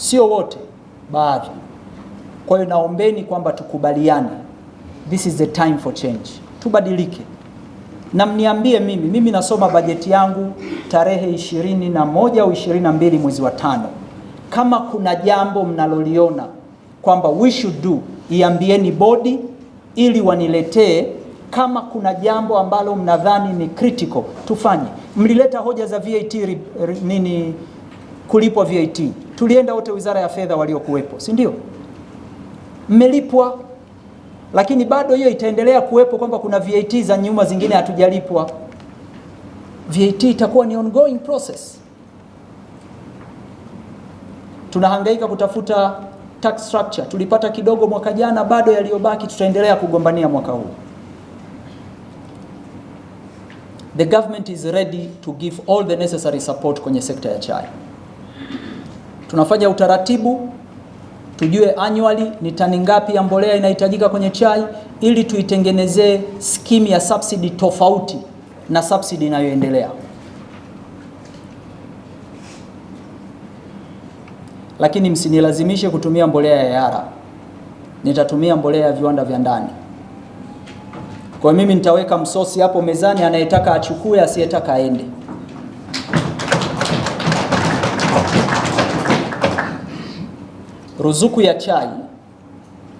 sio wote, baadhi. Kwa hiyo naombeni kwamba tukubaliane, this is the time for change, tubadilike na mniambie mimi. Mimi nasoma bajeti yangu tarehe 21 au 22 mwezi wa tano. Kama kuna jambo mnaloliona kwamba we should do, iambieni bodi ili waniletee. Kama kuna jambo ambalo mnadhani ni critical tufanye. Mlileta hoja za VAT nini, kulipwa VAT tulienda wote wizara ya fedha waliokuwepo, si ndio? Mmelipwa, lakini bado hiyo itaendelea kuwepo kwamba kuna VAT za nyuma zingine hatujalipwa. VAT itakuwa ni ongoing process. Tunahangaika kutafuta tax structure, tulipata kidogo mwaka jana, bado yaliyobaki tutaendelea kugombania mwaka huu. The government is ready to give all the necessary support kwenye sekta ya chai tunafanya utaratibu tujue annually ni tani ngapi ya mbolea inahitajika kwenye chai ili tuitengenezee skimu ya subsidy tofauti na subsidy inayoendelea. Lakini msinilazimishe kutumia mbolea ya Yara, nitatumia mbolea ya viwanda vya ndani. Kwa mimi nitaweka msosi hapo mezani, anayetaka achukue, asiyetaka aende. ruzuku ya chai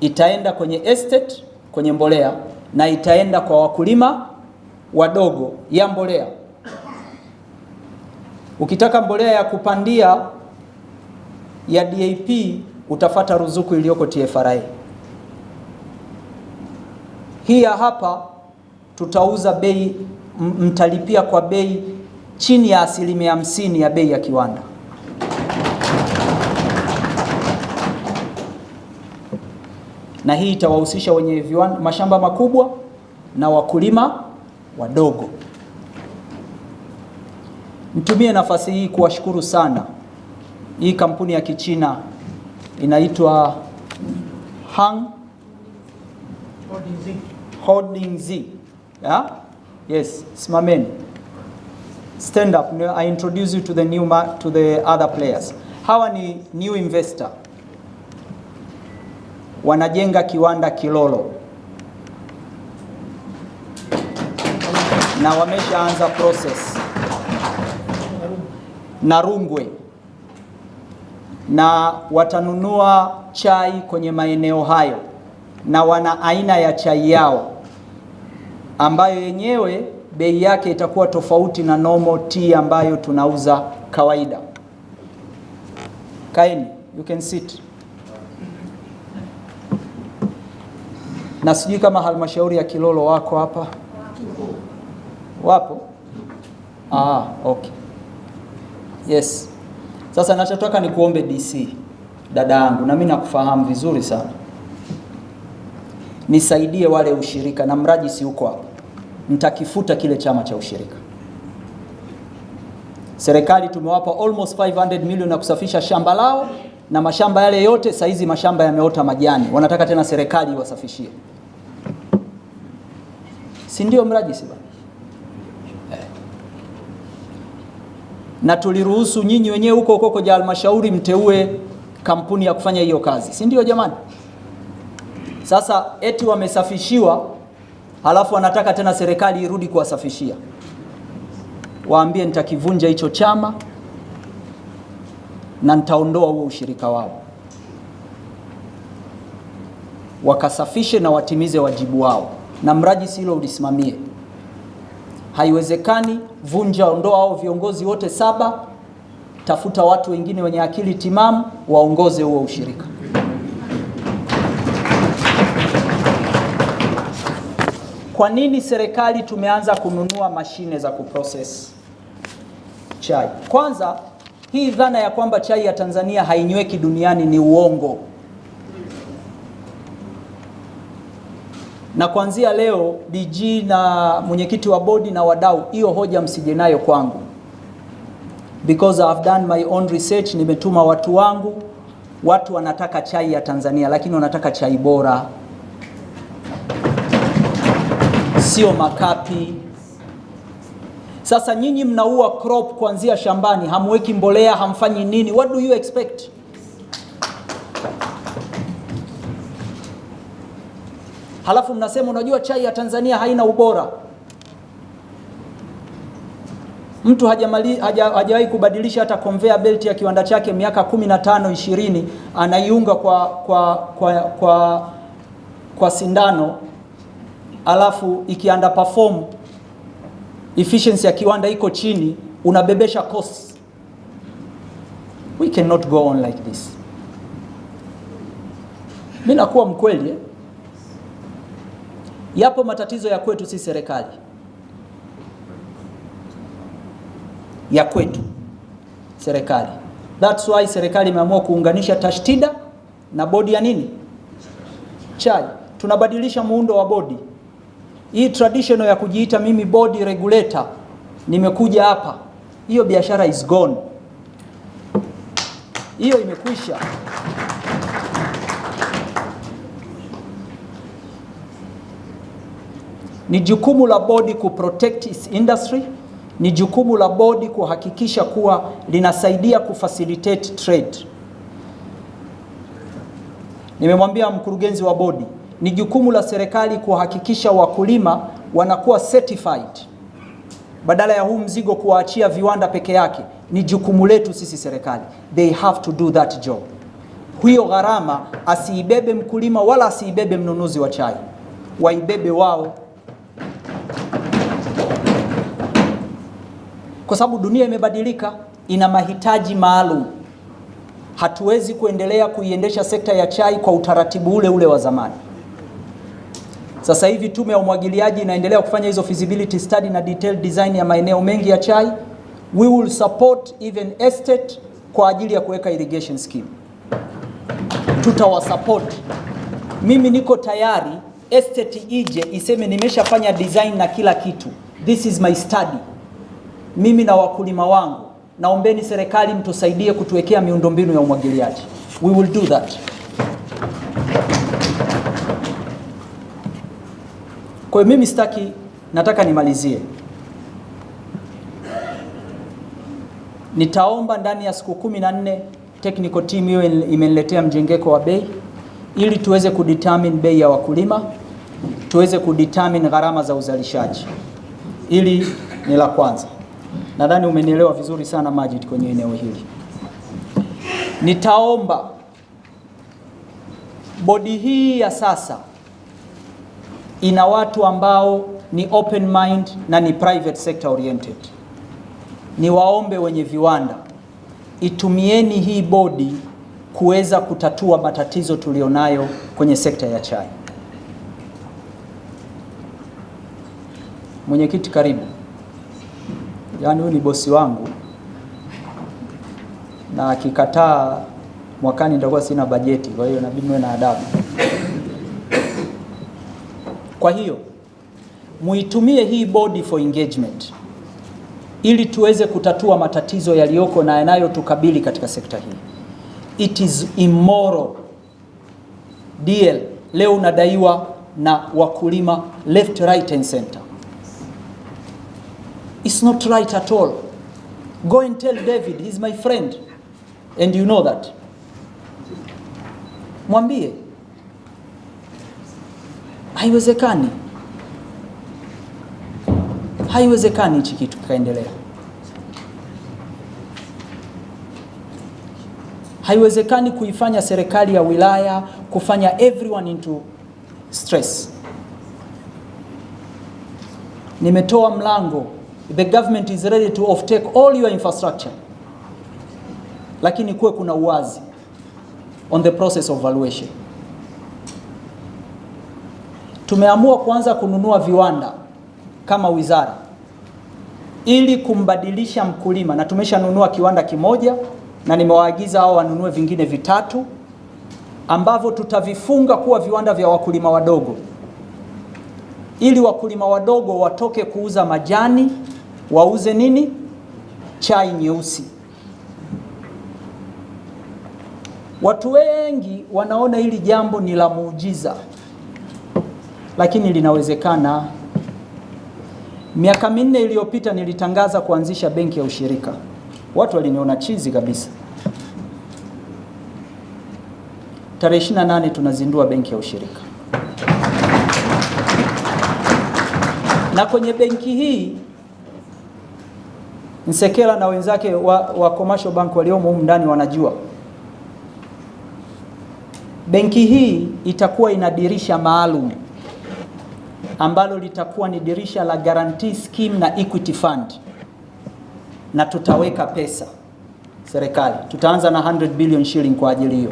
itaenda kwenye estate, kwenye mbolea na itaenda kwa wakulima wadogo ya mbolea. Ukitaka mbolea ya kupandia ya DAP utafata ruzuku iliyoko TFRA. Hii ya hapa tutauza bei, mtalipia kwa bei chini ya asilimia hamsini ya bei ya kiwanda. na hii itawahusisha wenye viwanda, mashamba makubwa na wakulima wadogo. Nitumie nafasi hii kuwashukuru sana hii kampuni ya Kichina inaitwa Hang Holding Z. Yeah? Yes, simameni. Stand up. I introduce you to the new to the other players. Hawa ni new investor wanajenga kiwanda Kilolo na wameshaanza process na Rungwe, na watanunua chai kwenye maeneo hayo, na wana aina ya chai yao ambayo yenyewe bei yake itakuwa tofauti na nomo tea ambayo tunauza kawaida. Kaeni, you can sit. na sijui kama halmashauri ya Kilolo wako hapa, wapo? Ah, okay. Yes. Sasa ninachotaka ni kuombe DC, dada yangu, na mimi nakufahamu vizuri sana, nisaidie wale ushirika na mraji, si uko hapa, nitakifuta kile chama cha ushirika. Serikali tumewapa almost 500 million na kusafisha shamba lao na mashamba yale yote, saizi mashamba yameota majani, wanataka tena serikali iwasafishie si ndio si bwana eh. Na tuliruhusu nyinyi wenyewe huko huko kwenye halmashauri mteue kampuni ya kufanya hiyo kazi, si ndio jamani? Sasa eti wamesafishiwa, halafu wanataka tena serikali irudi kuwasafishia. Waambie nitakivunja hicho chama na nitaondoa huo ushirika wao, wakasafishe na watimize wajibu wao na mrajisi hilo ulisimamie. Haiwezekani, vunja ondoa hao viongozi wote saba, tafuta watu wengine wenye akili timamu waongoze huo ushirika. Kwa nini serikali tumeanza kununua mashine za kuprocess chai? Kwanza, hii dhana ya kwamba chai ya Tanzania hainyweki duniani ni uongo. na kuanzia leo DG na mwenyekiti wa bodi na wadau, hiyo hoja msije nayo kwangu, because I have done my own research. Nimetuma watu wangu, watu wanataka chai ya Tanzania, lakini wanataka chai bora, sio makapi. Sasa nyinyi mnaua crop kuanzia shambani, hamweki mbolea, hamfanyi nini, what do you expect? halafu mnasema unajua chai ya Tanzania haina ubora. Mtu hajawahi haja kubadilisha hata conveyor belt ya kiwanda chake miaka 15 20, anaiunga kwa, kwa, kwa, kwa, kwa sindano alafu ikianda perform efficiency ya kiwanda iko chini, unabebesha cost. We cannot go on like this. Mimi nakuwa mkweli eh? Yapo matatizo ya kwetu si serikali ya kwetu serikali. That's why serikali imeamua kuunganisha tashtida na bodi ya nini chai. Tunabadilisha muundo wa bodi hii traditional ya kujiita mimi bodi regulator, nimekuja hapa, hiyo biashara is gone, hiyo imekwisha. Ni jukumu la bodi ku protect its industry, ni jukumu la bodi kuhakikisha kuwa linasaidia facilitate trade. Nimemwambia mkurugenzi wa bodi, ni jukumu la serikali kuhakikisha wakulima wanakuwa certified badala ya huu mzigo kuwaachia viwanda peke yake, ni jukumu letu sisi serikali. They have to do that job. Hiyo gharama asiibebe mkulima wala asiibebe mnunuzi wa chai, waibebe wao. kwa sababu dunia imebadilika, ina mahitaji maalum. Hatuwezi kuendelea kuiendesha sekta ya chai kwa utaratibu ule ule wa zamani. Sasa hivi tume ya umwagiliaji inaendelea kufanya hizo feasibility study na detailed design ya maeneo mengi ya chai. We will support even estate kwa ajili ya kuweka irrigation scheme, tutawasupport. Mimi niko tayari estate ije iseme nimeshafanya design na kila kitu, this is my study mimi na wakulima wangu, naombeni serikali mtusaidie kutuwekea miundombinu ya umwagiliaji. We will do that. Kwa hiyo mimi sitaki, nataka nimalizie, nitaomba ndani ya siku kumi na nne technical team hiyo imeniletea mjengeko wa bei ili tuweze kudetermine bei ya wakulima, tuweze kudetermine gharama za uzalishaji. Hili ni la kwanza. Nadhani umenielewa vizuri sana Majid, kwenye eneo hili nitaomba bodi hii ya sasa ina watu ambao ni open mind na ni private sector oriented. Ni waombe wenye viwanda, itumieni hii bodi kuweza kutatua matatizo tulionayo kwenye sekta ya chai. Mwenyekiti, karibu yaani huyu ni bosi wangu na akikataa mwakani nitakuwa sina bajeti, kwa hiyo nabidi niwe na adabu. Kwa hiyo muitumie hii bodi for engagement ili tuweze kutatua matatizo yaliyoko na yanayotukabili katika sekta hii. It is immoral DL leo unadaiwa na wakulima left right and center. It's not right at all. Go and tell David, he's my friend and you know that. Mwambie haiwezekani, haiwezekani hichi kitu kikaendelea, haiwezekani kuifanya serikali ya wilaya kufanya everyone into stress. Nimetoa mlango the government is ready to offtake all your infrastructure, lakini kuwe kuna uwazi on the process of valuation. Tumeamua kuanza kununua viwanda kama wizara ili kumbadilisha mkulima, na tumeshanunua kiwanda kimoja na nimewaagiza hao wanunue vingine vitatu ambavyo tutavifunga kuwa viwanda vya wakulima wadogo ili wakulima wadogo watoke kuuza majani wauze nini? Chai nyeusi. Watu wengi wanaona hili jambo ni la muujiza, lakini linawezekana. Miaka minne iliyopita nilitangaza kuanzisha benki ya ushirika, watu waliniona chizi kabisa. Tarehe 28 tunazindua benki ya ushirika, na kwenye benki hii Nsekela na wenzake wa, wa Commercial Bank waliomo humu ndani wanajua benki hii itakuwa ina dirisha maalum ambalo litakuwa ni dirisha la guarantee scheme na equity fund, na tutaweka pesa serikali, tutaanza na 100 billion shilling kwa ajili hiyo,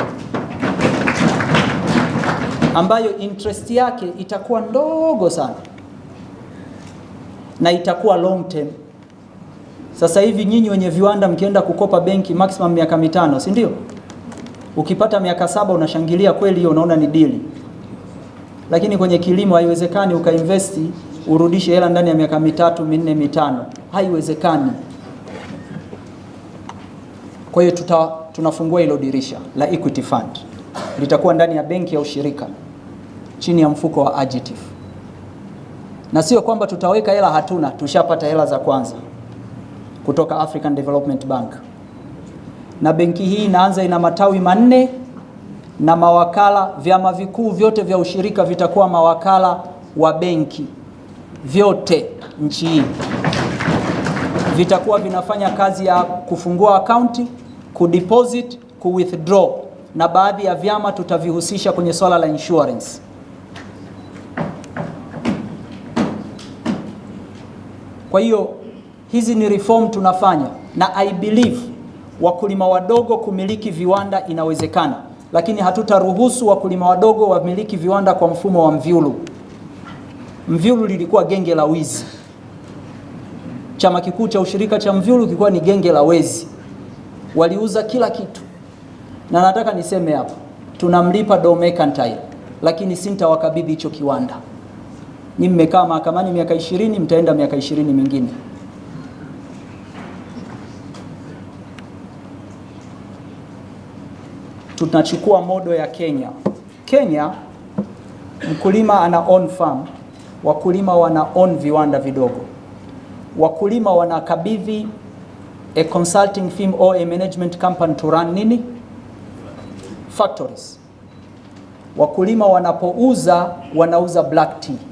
ambayo interest yake itakuwa ndogo sana na itakuwa long term sasa hivi nyinyi wenye viwanda mkienda kukopa benki maximum miaka mitano, si ndio? Ukipata miaka saba unashangilia kweli, hiyo unaona ni dili, lakini kwenye kilimo haiwezekani ukainvesti urudishe hela ndani ya miaka mitatu minne mitano, haiwezekani. Kwa hiyo tunafungua hilo dirisha la Equity Fund, litakuwa ndani ya benki au shirika chini ya mfuko wa AGITF, na sio kwamba tutaweka hela hatuna, tushapata hela za kwanza kutoka African Development Bank, na benki hii inaanza, ina matawi manne na mawakala. Vyama vikuu vyote vya ushirika vitakuwa mawakala wa benki vyote nchi hii vitakuwa vinafanya kazi ya kufungua akaunti, kudeposit, kuwithdraw na baadhi ya vyama tutavihusisha kwenye swala la insurance. Kwa hiyo Hizi ni reform tunafanya, na I believe wakulima wadogo kumiliki viwanda inawezekana, lakini hatutaruhusu wakulima wadogo wamiliki viwanda kwa mfumo wa Mvyulu. Mvyulu lilikuwa genge la wizi. Chama kikuu cha ushirika cha Mvyulu kilikuwa ni genge la wezi, waliuza kila kitu. Na nataka niseme hapa, tunamlipa Dom Mercantile, lakini sintawakabidhi hicho kiwanda. Ni mmekaa mahakamani miaka ishirini, mtaenda miaka ishirini mingine. tunachukua modo ya Kenya. Kenya mkulima ana own farm, wakulima wana own viwanda vidogo, wakulima wanakabidhi a consulting firm or a management company to run nini factories. Wakulima wanapouza wanauza black tea